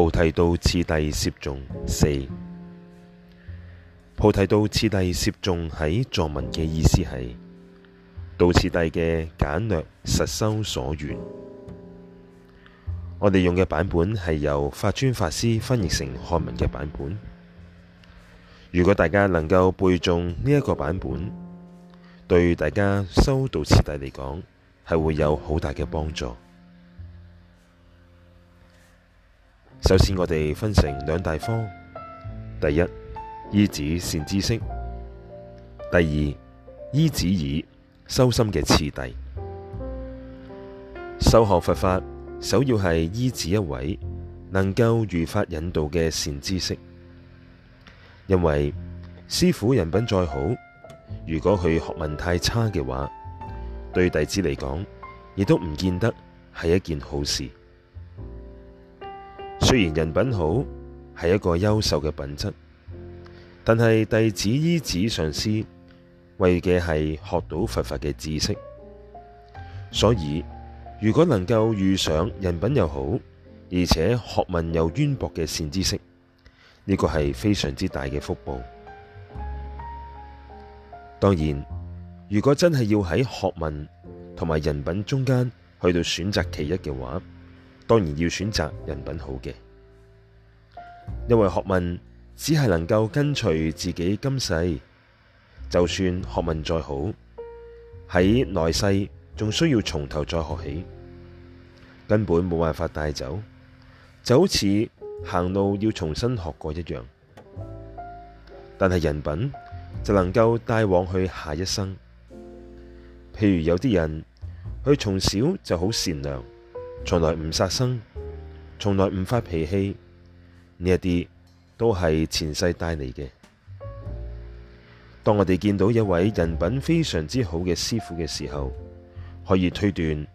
菩提道次第攝頌四，菩提道次第攝頌喺藏文嘅意思係道次第嘅簡略實修所緣。我哋用嘅版本係由法尊法師翻譯成漢文嘅版本。如果大家能夠背誦呢一個版本，對大家修道次第嚟講係會有好大嘅幫助。首先，我哋分成兩大科。第一，依止善知識；第二，依止以修心嘅次第。修學佛法，首要係依止一位能夠如法引導嘅善知識。因為師父人品再好，如果佢學問太差嘅話，對弟子嚟講，亦都唔見得係一件好事。雖然人品好係一個優秀嘅品質，但係弟子依止上師為嘅係學到佛法嘅知識，所以如果能夠遇上人品又好而且學問又淵博嘅善知識，呢、這個係非常之大嘅福報。當然，如果真係要喺學問同埋人品中間去到選擇其一嘅話，當然要選擇人品好嘅，因為學問只係能夠跟隨自己今世，就算學問再好，喺來世仲需要從頭再學起，根本冇辦法帶走，就好似行路要重新學過一樣。但係人品就能夠帶往去下一生。譬如有啲人，佢從小就好善良。從來唔殺生，從來唔發脾氣，呢一啲都係前世帶嚟嘅。當我哋見到一位人品非常之好嘅師父嘅時候，可以推斷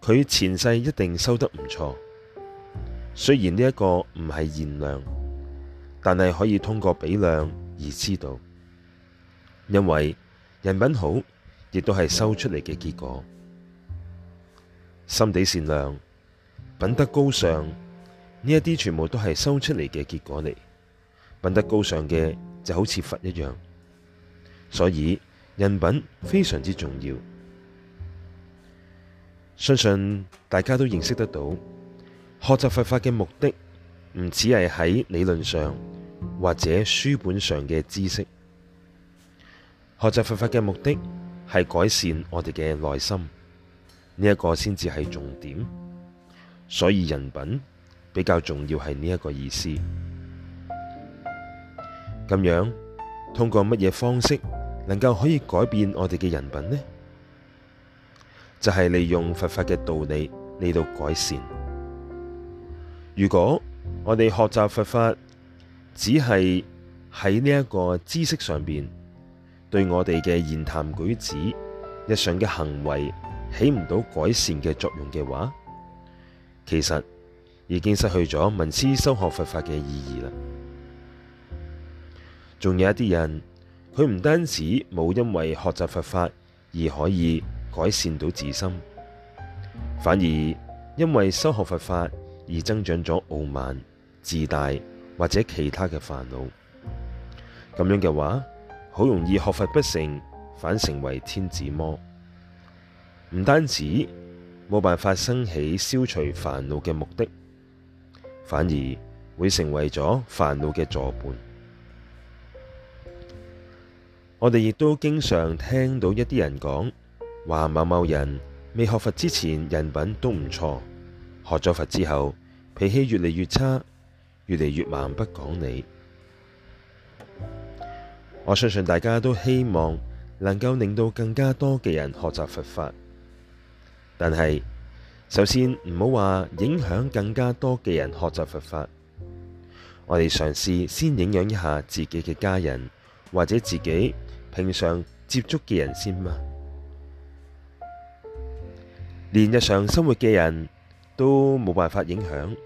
佢前世一定修得唔錯。雖然呢一個唔係現量，但係可以通過比量而知道，因為人品好亦都係修出嚟嘅結果，心地善良，品德高尚呢一啲，全部都係修出嚟嘅結果嚟。品德高尚嘅就好似佛一樣，所以人品非常之重要。相信大家都認識得到，學習佛法嘅目的唔止係喺理論上或者書本上嘅知識。學習佛法嘅目的係改善我哋嘅內心，呢一個先至係重點。所以人品比較重要係呢一個意思。咁樣通過乜嘢方式能夠可以改變我哋嘅人品呢？就係利用佛法嘅道理嚟到改善。如果我哋學習佛法只係喺呢一個知識上邊，對我哋嘅言談舉止、日常嘅行為起唔到改善嘅作用嘅話，其實已經失去咗聞思修學佛法嘅意義啦。仲有一啲人，佢唔單止冇因為學習佛法而可以改善到自心，反而因為修學佛法而增長咗傲慢、自大或者其他嘅煩惱。咁樣嘅話，好容易學佛不成，反成為天子魔。唔單止。冇辦法生起消除煩惱嘅目的，反而會成為咗煩惱嘅助伴。我哋亦都經常聽到一啲人講，話某某人未學佛之前人品都唔錯，學咗佛之後脾氣越嚟越差，越嚟越蠻不講理。我相信大家都希望能夠令到更加多嘅人學習佛法。但係，首先唔好話影響更加多嘅人學習佛法，我哋嘗試先影響一下自己嘅家人或者自己平常接觸嘅人先嘛。連日常生活嘅人都冇辦法影響，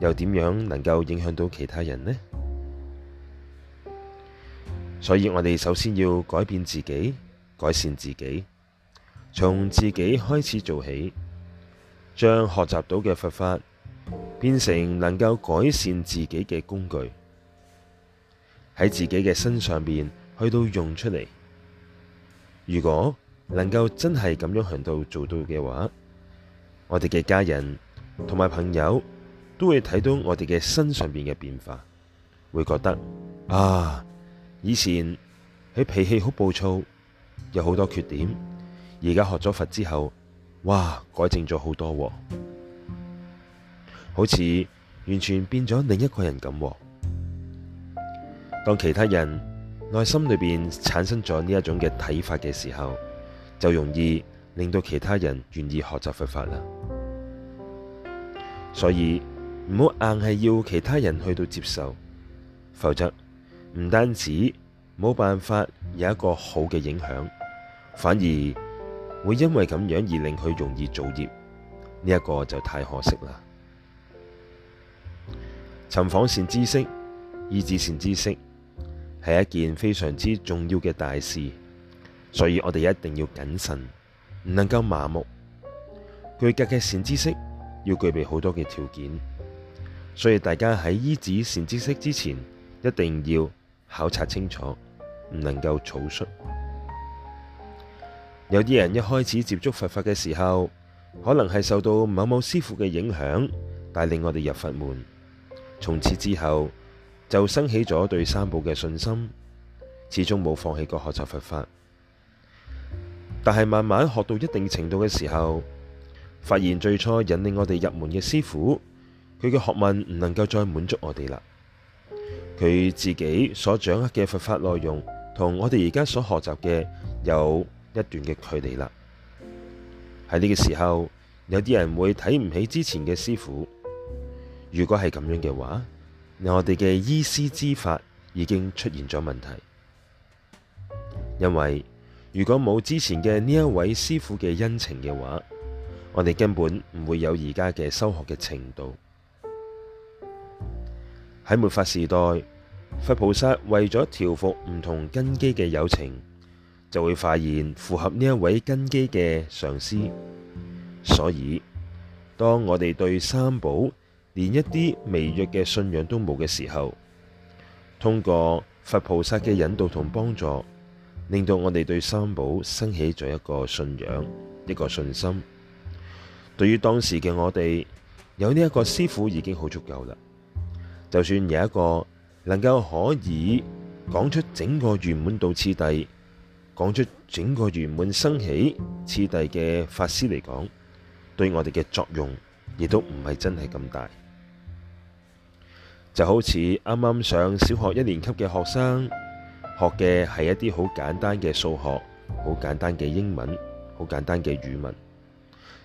又點樣能夠影響到其他人呢？所以我哋首先要改變自己，改善自己。從自己開始做起，將學習到嘅佛法變成能夠改善自己嘅工具，喺自己嘅身上邊去到用出嚟。如果能夠真係咁樣行到做到嘅話，我哋嘅家人同埋朋友都會睇到我哋嘅身上邊嘅變化，會覺得啊，以前喺脾氣好暴躁，有好多缺點。而家學咗佛之後，哇，改正咗好多喎，好似完全變咗另一個人咁。當其他人內心裏邊產生咗呢一種嘅睇法嘅時候，就容易令到其他人願意學習佛法啦。所以唔好硬係要其他人去到接受，否則唔單止冇辦法有一個好嘅影響，反而，會因為咁樣而令佢容易造業，呢、這、一個就太可惜啦。尋訪善知識、依止善知識係一件非常之重要嘅大事，所以我哋一定要謹慎，唔能夠盲目。具格嘅善知識要具備好多嘅條件，所以大家喺依止善知識之前，一定要考察清楚，唔能夠草率。有啲人一開始接觸佛法嘅時候，可能係受到某某師父嘅影響，帶領我哋入佛門。從此之後就生起咗對三寶嘅信心，始終冇放棄過學習佛法。但係慢慢學到一定程度嘅時候，發現最初引領我哋入門嘅師父，佢嘅學問唔能夠再滿足我哋啦。佢自己所掌握嘅佛法內容，同我哋而家所學習嘅有一段嘅距離啦，喺呢個時候，有啲人會睇唔起之前嘅師父。如果係咁樣嘅話，那我哋嘅依師之法已經出現咗問題。因為如果冇之前嘅呢一位師父嘅恩情嘅話，我哋根本唔會有而家嘅修學嘅程度。喺末法時代，佛菩薩為咗調伏唔同根基嘅友情。就會發現符合呢一位根基嘅上師，所以當我哋對三寶連一啲微弱嘅信仰都冇嘅時候，通過佛菩薩嘅引導同幫助，令到我哋對三寶生起咗一個信仰，一個信心。對於當時嘅我哋，有呢一個師父已經好足夠啦。就算有一個能夠可以講出整個圓滿道次第。講出整個圓滿生起次第嘅法師嚟講，對我哋嘅作用亦都唔係真係咁大。就好似啱啱上小學一年級嘅學生，學嘅係一啲好簡單嘅數學、好簡單嘅英文、好簡單嘅語文。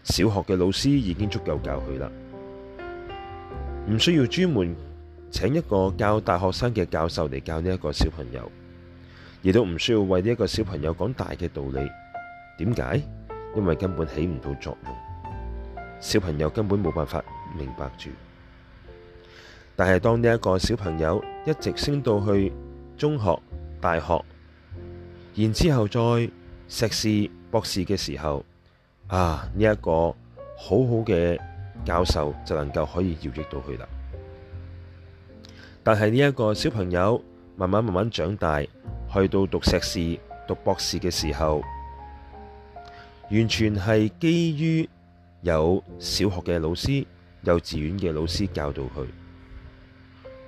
小學嘅老師已經足夠教佢啦，唔需要專門請一個教大學生嘅教授嚟教呢一個小朋友。亦都唔需要為呢一個小朋友講大嘅道理，點解？因為根本起唔到作用，小朋友根本冇辦法明白住。但係當呢一個小朋友一直升到去中學、大學，然之後再碩士、博士嘅時候啊，呢一個好好嘅教授就能夠可以饒益到佢啦。但係呢一個小朋友慢慢慢慢長大。去到讀碩士、讀博士嘅時候，完全係基於有小學嘅老師、幼稚園嘅老師教導佢。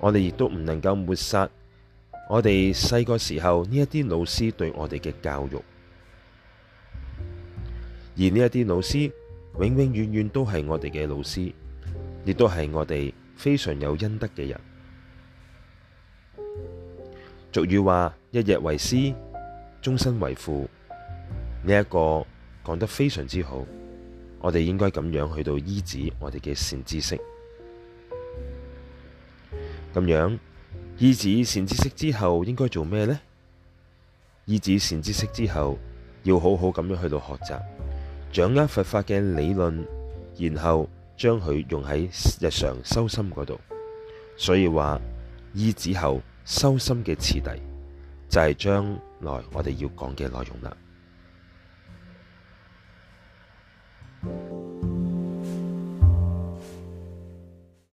我哋亦都唔能夠抹殺我哋細個時候呢一啲老師對我哋嘅教育，而呢一啲老師永永遠遠都係我哋嘅老師，亦都係我哋非常有恩德嘅人。俗語話：一日為師，終身為父。呢一個講得非常之好，我哋應該咁樣去到依止我哋嘅善知識。咁樣依止善知識之後，應該做咩呢？依止善知識之後，要好好咁樣去到學習，掌握佛法嘅理論，然後將佢用喺日常修心嗰度。所以話依止後。修心嘅次第，就係將來我哋要講嘅內容啦。